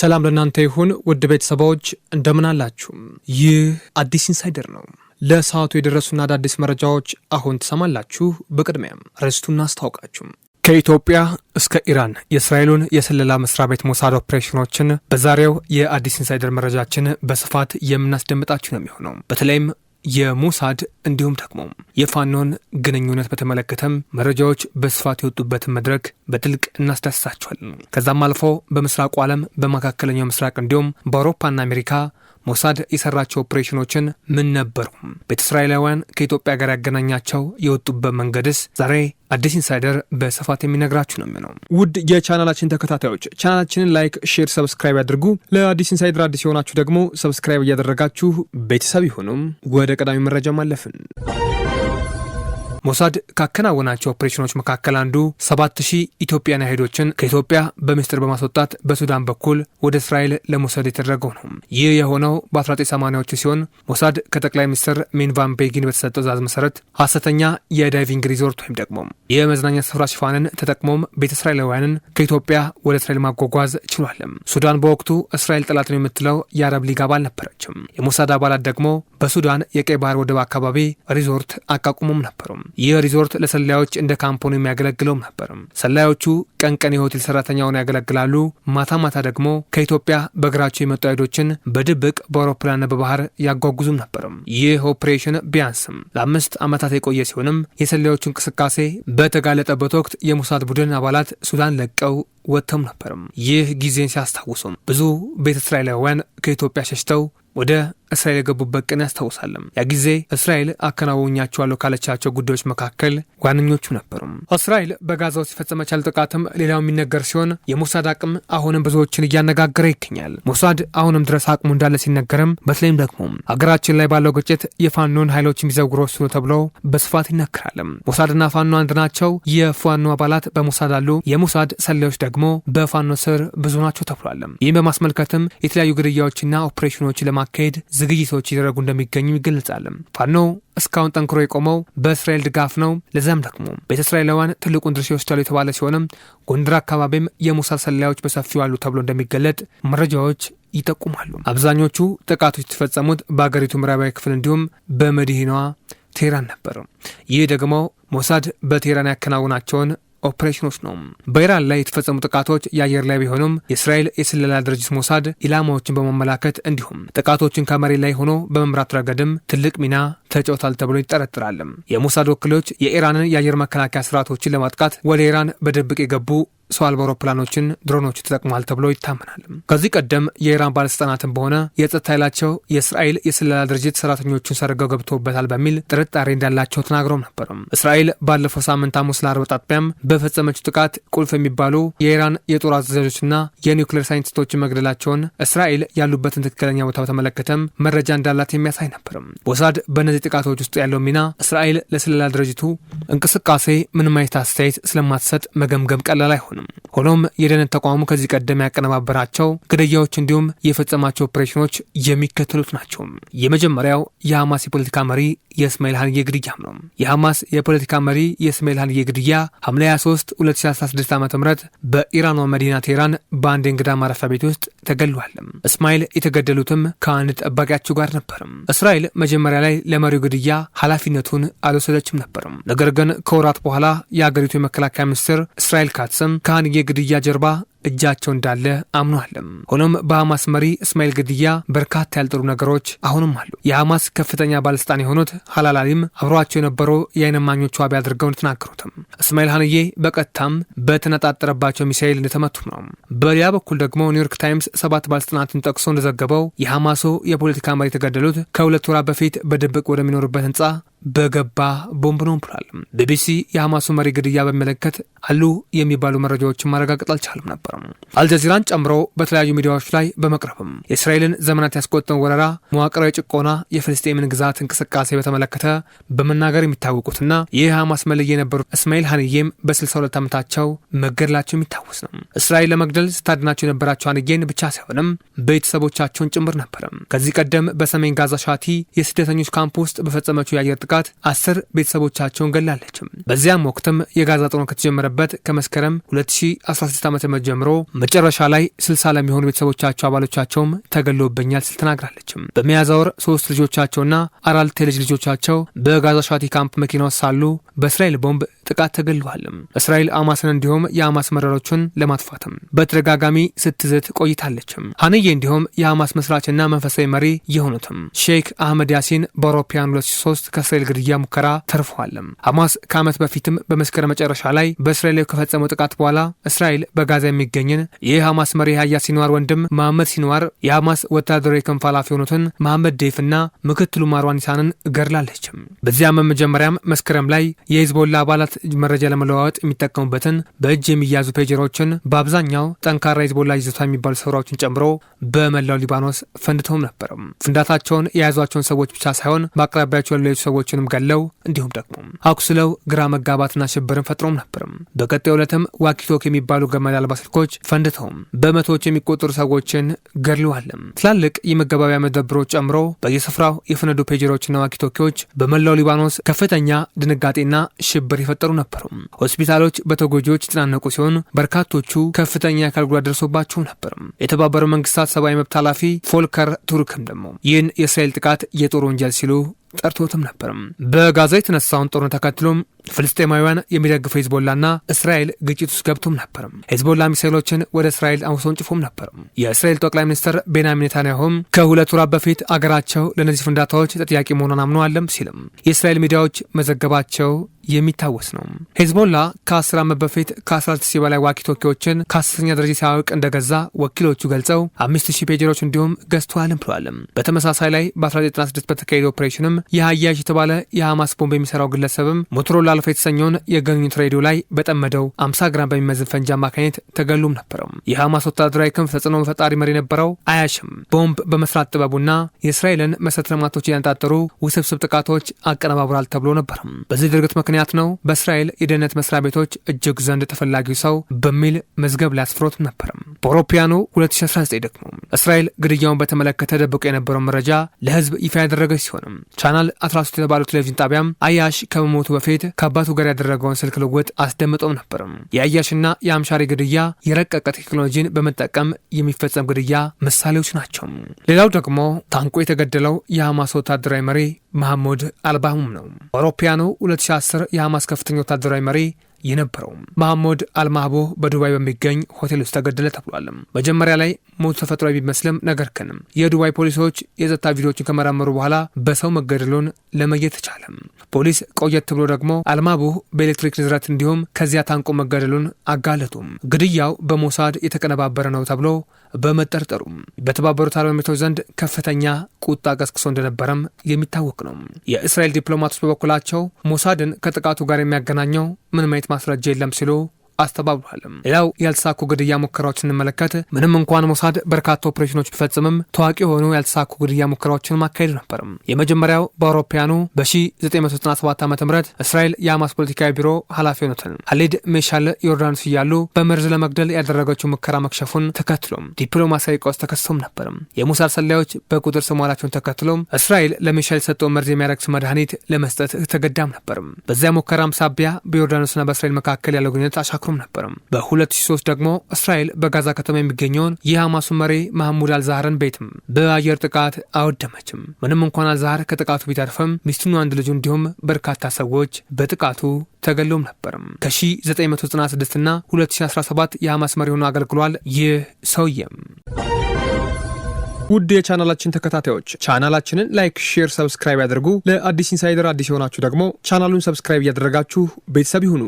ሰላም ለእናንተ ይሁን ውድ ቤተሰባዎች እንደምን ይህ አዲስ ኢንሳይደር ነው። ለሰዓቱ የደረሱና አዳዲስ መረጃዎች አሁን ትሰማላችሁ። በቅድሚያም ርዕስቱን አስታውቃችሁ ከኢትዮጵያ እስከ ኢራን የእስራኤሉን የስለላ መስሪያ ቤት ሞሳድ ኦፕሬሽኖችን በዛሬው የአዲስ ኢንሳይደር መረጃችን በስፋት የምናስደምጣችሁ ነው የሚሆነው። በተለይም የሞሳድ እንዲሁም ደግሞ የፋኖን ግንኙነት በተመለከተም መረጃዎች በስፋት የወጡበትን መድረክ በጥልቅ እናስዳስሳቸዋለን። ከዛም አልፎ በምስራቁ ዓለም በመካከለኛው ምስራቅ እንዲሁም በአውሮፓና አሜሪካ ሞሳድ የሰራቸው ኦፕሬሽኖችን ምን ነበሩ? ቤተ እስራኤላውያን ከኢትዮጵያ ጋር ያገናኛቸው የወጡበት መንገድስ? ዛሬ አዲስ ኢንሳይደር በስፋት የሚነግራችሁ ነው የሚሆነው። ውድ የቻናላችን ተከታታዮች ቻናላችንን ላይክ፣ ሼር፣ ሰብስክራይብ ያድርጉ። ለአዲስ ኢንሳይደር አዲስ የሆናችሁ ደግሞ ሰብስክራይብ እያደረጋችሁ ቤተሰብ ይሁኑም። ወደ ቀዳሚ መረጃ ማለፍን ሞሳድ ካከናወናቸው ኦፕሬሽኖች መካከል አንዱ ሺህ ኢትዮጵያን አይሁዶችን ከኢትዮጵያ በምስጢር በማስወጣት በሱዳን በኩል ወደ እስራኤል ለመውሰድ የተደረገው ነው። ይህ የሆነው በ1980ዎቹ ሲሆን ሞሳድ ከጠቅላይ ሚኒስትር ሚንቫን ቤጊን በተሰጠው ትዕዛዝ መሰረት ሐሰተኛ የዳይቪንግ ሪዞርት ወይም ደግሞ የመዝናኛ ስፍራ ሽፋንን ተጠቅሞም ቤተ እስራኤላውያንን ከኢትዮጵያ ወደ እስራኤል ማጓጓዝ ችሏል። ሱዳን በወቅቱ እስራኤል ጠላት ነው የምትለው የአረብ ሊግ አባል ነበረችም። የሞሳድ አባላት ደግሞ በሱዳን የቀይ ባህር ወደብ አካባቢ ሪዞርት አቃቁሞም ነበሩም። ይህ ሪዞርት ለሰላዮች እንደ ካምፖን የሚያገለግለውም ነበርም። ሰላዮቹ ቀን ቀን የሆቴል ሰራተኛውን ያገለግላሉ። ማታ ማታ ደግሞ ከኢትዮጵያ በእግራቸው የመጡ አይዶችን በድብቅ በአውሮፕላንና በባህር ያጓጉዙም ነበርም። ይህ ኦፕሬሽን ቢያንስም ለአምስት ዓመታት የቆየ ሲሆንም የሰላዮቹ እንቅስቃሴ በተጋለጠበት ወቅት የሙሳድ ቡድን አባላት ሱዳን ለቀው ወጥተውም ነበርም። ይህ ጊዜን ሲያስታውሱም ብዙ ቤተ እስራኤላውያን ከኢትዮጵያ ሸሽተው ወደ እስራኤል የገቡበት ቀን ያስታውሳለም። ያ ጊዜ እስራኤል አከናወኛቸዋለሁ ካለቻቸው ጉዳዮች መካከል ዋነኞቹ ነበሩ። እስራኤል በጋዛ ውስጥ የፈጸመች ጥቃትም ሌላው የሚነገር ሲሆን የሞሳድ አቅም አሁንም ብዙዎችን እያነጋገረ ይገኛል። ሞሳድ አሁንም ድረስ አቅሙ እንዳለ ሲነገርም በተለይም ደግሞ ሀገራችን ላይ ባለው ግጭት የፋኖን ኃይሎች የሚዘውሩ ወስኑ ተብሎ በስፋት ይነገራል። ሞሳድና ፋኖ አንድ ናቸው። የፋኖ አባላት በሞሳድ አሉ፣ የሞሳድ ሰላዮች ደግሞ በፋኖ ስር ብዙ ናቸው ተብሏል። ይህም በማስመልከትም የተለያዩ ግድያዎችና ኦፕሬሽኖች ለማካሄድ ዝግጅቶች እየደረጉ እንደሚገኙ ይገልጻል። ፋኖ እስካሁን ጠንክሮ የቆመው በእስራኤል ድጋፍ ነው። ለዛም ደግሞ ቤተ እስራኤላውያን ትልቁን ድርሻ ይወስዳሉ የተባለ ሲሆንም ጎንደር አካባቢም የሙሳል ሰላዮች በሰፊው አሉ ተብሎ እንደሚገለጥ መረጃዎች ይጠቁማሉ። አብዛኞቹ ጥቃቶች የተፈጸሙት በአገሪቱ ምዕራባዊ ክፍል እንዲሁም በመዲናዋ ቴህራን ነበር። ይህ ደግሞ ሞሳድ በቴህራን ያከናውናቸውን ኦፕሬሽኖች ነው። በኢራን ላይ የተፈጸሙ ጥቃቶች የአየር ላይ ቢሆኑም የእስራኤል የስለላ ድርጅት ሞሳድ ኢላማዎችን በመመላከት እንዲሁም ጥቃቶችን ከመሬት ላይ ሆኖ በመምራት ረገድም ትልቅ ሚና ተጫውታል ተብሎ ይጠረጥራል። የሞሳድ ወኪሎች የኢራንን የአየር መከላከያ ስርዓቶችን ለማጥቃት ወደ ኢራን በድብቅ የገቡ ሰው አልባ አውሮፕላኖችን፣ ድሮኖች ተጠቅሟል ተብሎ ይታመናል። ከዚህ ቀደም የኢራን ባለስልጣናትን በሆነ የጸጥታ ኃይላቸው የእስራኤል የስለላ ድርጅት ሰራተኞቹን ሰርገው ገብቶበታል በሚል ጥርጣሬ እንዳላቸው ተናግረው ነበር። እስራኤል ባለፈው ሳምንት ሐሙስ ለአርብ ጣጥቢያም በፈጸመችው ጥቃት ቁልፍ የሚባሉ የኢራን የጦር አዛዦችና የኒውክሌር ሳይንቲስቶችን መግደላቸውን እስራኤል ያሉበትን ትክክለኛ ቦታ በተመለከተም መረጃ እንዳላት የሚያሳይ ነበር። ሞሳድ በነዚህ በእነዚህ ጥቃቶች ውስጥ ያለው ሚና እስራኤል ለስለላ ድርጅቱ እንቅስቃሴ ምንም አይነት አስተያየት ስለማትሰጥ መገምገም ቀላል አይሆንም። ሆኖም የደህንነት ተቋሙ ከዚህ ቀደም ያቀነባበራቸው ግድያዎች እንዲሁም የፈጸማቸው ኦፕሬሽኖች የሚከተሉት ናቸው። የመጀመሪያው የሐማስ የፖለቲካ መሪ የእስማኤል ሀንዬ ግድያም ነው። የሐማስ የፖለቲካ መሪ የእስማኤል ሀንዬ ግድያ ሐምሌ 23 2016 ዓ ም በኢራኗ መዲና ቴህራን በአንድ እንግዳ ማረፊያ ቤት ውስጥ ተገሏል። እስማኤል የተገደሉትም ከአንድ ጠባቂያቸው ጋር ነበርም። እስራኤል መጀመሪያ ላይ ለመ ለመሪው ግድያ ኃላፊነቱን አልወሰደችም ነበርም። ነገር ግን ከወራት በኋላ የአገሪቱ የመከላከያ ሚኒስትር እስራኤል ካትስም ከሃንጌ ግድያ ጀርባ እጃቸው እንዳለ አምኗልም። ሆኖም በሐማስ መሪ እስማኤል ግድያ በርካታ ያልጥሩ ነገሮች አሁንም አሉ። የሐማስ ከፍተኛ ባለስልጣን የሆኑት ሀላላሊም አብሯቸው የነበሩ የአይን እማኞቹ ዋቢ አድርገው እንደተናገሩትም እስማኤል ሀንዬ በቀጥታም በተነጣጠረባቸው ሚሳኤል እንደተመቱም ነው። በሌላ በኩል ደግሞ ኒውዮርክ ታይምስ ሰባት ባለስልጣናትን ጠቅሶ እንደዘገበው የሐማሱ የፖለቲካ መሪ የተገደሉት ከሁለት ወራት በፊት በድብቅ ወደሚኖሩበት ህንፃ በገባ ቦምብ ነው ብሏል። ቢቢሲ የሐማሱ መሪ ግድያ በሚመለከት አሉ የሚባሉ መረጃዎችን ማረጋገጥ አልቻለም ነበር። አልጀዚራን ጨምሮ በተለያዩ ሚዲያዎች ላይ በመቅረብም የእስራኤልን ዘመናት ያስቆጠን ወረራ፣ መዋቅራዊ ጭቆና፣ የፍልስጤምን ግዛት እንቅስቃሴ በተመለከተ በመናገር የሚታወቁትና ይህ ሐማስ መልዬ የነበሩት እስማኤል ሀንዬም በ62 ዓመታቸው መገደላቸው የሚታወስ ነው። እስራኤል ለመግደል ስታድናቸው የነበራቸው ሀንዬን ብቻ ሳይሆንም ቤተሰቦቻቸውን ጭምር ነበርም። ከዚህ ቀደም በሰሜን ጋዛ ሻቲ የስደተኞች ካምፕ ውስጥ በፈጸመችው የአየር ጥቃት አስር ቤተሰቦቻቸውን ገላለች። በዚያም ወቅትም የጋዛ ጦርነት ከተጀመረበት ከመስከረም 2016 ዓ ም ጀምሮ መጨረሻ ላይ 60 ለሚሆኑ ቤተሰቦቻቸው አባሎቻቸውም ተገሎብኛል ስል ተናግራለች። በሚያዝያ ወር ሶስት ልጆቻቸውና አራት የልጅ ልጆቻቸው በጋዛ ሻቲ ካምፕ መኪና ውስጥ ሳሉ በእስራኤል ቦምብ ጥቃት ተገድለዋልም። እስራኤል አማስን እንዲሁም የአማስ መራሮቹን ለማጥፋትም በተደጋጋሚ ስትዝት ቆይታለችም። ሀንዬ እንዲሁም የአማስ መስራችና መንፈሳዊ መሪ የሆኑትም ሼክ አህመድ ያሲን በአውሮፓውያን 2003 ከእስራኤል ግድያ ሙከራ ተርፈዋልም። ሐማስ ከዓመት በፊትም በመስከረም መጨረሻ ላይ በእስራኤል ከፈጸመው ጥቃት በኋላ እስራኤል በጋዛ የሚገኝን የሐማስ መሪ ያህያ ሲንዋር ወንድም መሐመድ ሲንዋር የሐማስ ወታደራዊ ክንፍ ኃላፊ የሆኑትን መሐመድ ዴፍና ምክትሉ ማርዋን ኢሳንን ገድላለችም። በዚያ መጀመሪያም መስከረም ላይ የሂዝቦላ አባላት መረጃ ለመለዋወጥ የሚጠቀሙበትን በእጅ የሚያዙ ፔጀሮችን በአብዛኛው ጠንካራ ሂዝቦላ ይዘቷ የሚባሉ ስፍራዎችን ጨምሮ በመላው ሊባኖስ ፈንድተውም ነበር። ፍንዳታቸውን የያዟቸውን ሰዎች ብቻ ሳይሆን በአቅራቢያቸው ያሉ ሌሎች ሰዎችንም ገለው እንዲሁም ደግሞ አኩስለው ግራ መጋባትና ሽብርን ፈጥሮም ነበር። በቀጣዩ ዕለትም ዋኪቶክ የሚባሉ ገመድ አልባ ስልኮች ፈንድተውም በመቶዎች የሚቆጠሩ ሰዎችን ገድለዋል። ትላልቅ የመገባቢያ መደብሮች ጨምሮ በየስፍራው የፈነዱ ፔጀሮችና ዋኪቶኪዎች በመላው ሊባኖስ ከፍተኛ ድንጋጤና ሽብር የፈጠሩ የተፈጠሩ ነበሩ። ሆስፒታሎች በተጎጂዎች የተናነቁ ሲሆን በርካቶቹ ከፍተኛ የአካል ጉዳት ደርሶባቸው ነበር። የተባበረው መንግስታት ሰብአዊ መብት ኃላፊ ፎልከር ቱርክም ደግሞ ይህን የእስራኤል ጥቃት የጦር ወንጀል ሲሉ ጠርቶትም ነበር። በጋዛ የተነሳውን ጦርነት ተከትሎም ፍልስጤማውያን የሚደግፈው ሂዝቦላና እስራኤል ግጭት ውስጥ ገብቶም ነበር። ሂዝቦላ ሚሳይሎችን ወደ እስራኤል አውሰውን ጭፎም ነበር። የእስራኤል ጠቅላይ ሚኒስትር ቤንያሚን ኔታንያሁም ከሁለት ወራት በፊት አገራቸው ለእነዚህ ፍንዳታዎች ተጠያቂ መሆኗን አምነዋለም ሲልም የእስራኤል ሚዲያዎች መዘገባቸው የሚታወስ ነው። ሄዝቦላ ከአስር ዓመት በፊት ከ14 ሺህ በላይ ዋኪቶኪዎችን ከአስረኛ ደረጃ ሲያወቅ እንደገዛ ወኪሎቹ ገልጸው 5000 ፔጀሮች እንዲሁም ገዝተዋልም ብለዋል። በተመሳሳይ ላይ በ1996 በተካሄደ ኦፕሬሽንም የሀያሽ የተባለ የሐማስ ቦምብ የሚሰራው ግለሰብም ሞቶሮላ አልፋ የተሰኘውን የገኙት ሬዲዮ ላይ በጠመደው 50 ግራም በሚመዝን ፈንጂ አማካኝነት ተገሉም ነበረው። የሐማስ ወታደራዊ ክንፍ ተጽዕኖ ፈጣሪ መሪ የነበረው አያሽም ቦምብ በመስራት ጥበቡና የእስራኤልን መሰረተ ልማቶች እያነጣጠሩ ውስብስብ ጥቃቶች አቀነባብራል ተብሎ ነበርም በዚህ ድርግት ምክንያት ምክንያት ነው በእስራኤል የደህንነት መስሪያ ቤቶች እጅግ ዘንድ ተፈላጊው ሰው በሚል መዝገብ ሊያስፍሮት ነበርም። በአውሮፓውያኑ 2019 ደግሞ እስራኤል ግድያውን በተመለከተ ደብቆ የነበረው መረጃ ለህዝብ ይፋ ያደረገች ሲሆንም ቻናል 13 የተባለው ቴሌቪዥን ጣቢያም አያሽ ከመሞቱ በፊት ከአባቱ ጋር ያደረገውን ስልክ ልውውጥ አስደምጦም ነበርም። የአያሽና የአምሻሪ ግድያ የረቀቀ ቴክኖሎጂን በመጠቀም የሚፈጸም ግድያ ምሳሌዎች ናቸው። ሌላው ደግሞ ታንቆ የተገደለው የሐማስ ወታደራዊ መሪ መሐሙድ አልባሙም ነው። በአውሮፓውያኑ 2010 የሐማስ ከፍተኛ ወታደራዊ መሪ የነበረው። መሐሙድ አልማህቦ በዱባይ በሚገኝ ሆቴል ውስጥ ተገደለ ተብሏል። መጀመሪያ ላይ ሞቱ ተፈጥሯዊ ቢመስልም ነገር ግን የዱባይ ፖሊሶች የጸጥታ ቪዲዮዎችን ከመራመሩ በኋላ በሰው መገደሉን ለመየት ተቻለም። ፖሊስ ቆየት ብሎ ደግሞ አልማህቦ በኤሌክትሪክ ንዝረት እንዲሁም ከዚያ ታንቆ መገደሉን አጋለጡም። ግድያው በሞሳድ የተቀነባበረ ነው ተብሎ በመጠርጠሩ በተባበሩት አረብ ኤሚሬቶች ዘንድ ከፍተኛ ቁጣ ቀስቅሶ እንደነበረም የሚታወቅ ነው። የእስራኤል ዲፕሎማቶች በበኩላቸው ሞሳድን ከጥቃቱ ጋር የሚያገናኘው ምንም አይነት ማስረጃ የለም ሲሉ አስተባብሏልም። ሌላው ያልተሳኩ ግድያ ሙከራዎች ስንመለከት ምንም እንኳን ሞሳድ በርካታ ኦፕሬሽኖች ቢፈጽምም ታዋቂ የሆኑ ያልተሳኩ ግድያ ሙከራዎችን ማካሄድ ነበርም። የመጀመሪያው በአውሮፓያኑ በ1997 ዓ ም እስራኤል የሐማስ ፖለቲካዊ ቢሮ ኃላፊ የሆኑትን ሀሊድ ሜሻል ዮርዳኖስ እያሉ በመርዝ ለመግደል ያደረገችው ሙከራ መክሸፉን ተከትሎም ዲፕሎማሲያዊ ቀውስ ተከስቶም ነበርም። የሙሳድ ሰላዮች በቁጥር ስሟላቸውን ተከትሎ ተከትሎም እስራኤል ለሜሻል የሰጠው መርዝ የሚያረግስ መድኃኒት ለመስጠት ተገዳም ነበርም። በዚያ ሙከራም ሳቢያ በዮርዳኖስና በእስራኤል መካከል ያለው ግንኙነት አሻክሮ አልሞከሩም ነበርም። በ2003 ደግሞ እስራኤል በጋዛ ከተማ የሚገኘውን የሐማሱ መሪ ማህሙድ አልዛህርን ቤትም በአየር ጥቃት አወደመችም። ምንም እንኳን አልዛህር ከጥቃቱ ቢተርፍም ሚስቱን፣ አንድ ልጁ እንዲሁም በርካታ ሰዎች በጥቃቱ ተገሎም ነበርም። ከ1996 እና 2017 የሐማስ መሪ ሆኖ አገልግሏል። ይህ ሰውየም ውድ የቻናላችን ተከታታዮች ቻናላችንን ላይክ፣ ሼር፣ ሰብስክራይብ ያድርጉ። ለአዲስ ኢንሳይደር አዲስ የሆናችሁ ደግሞ ቻናሉን ሰብስክራይብ እያደረጋችሁ ቤተሰብ ይሁኑ።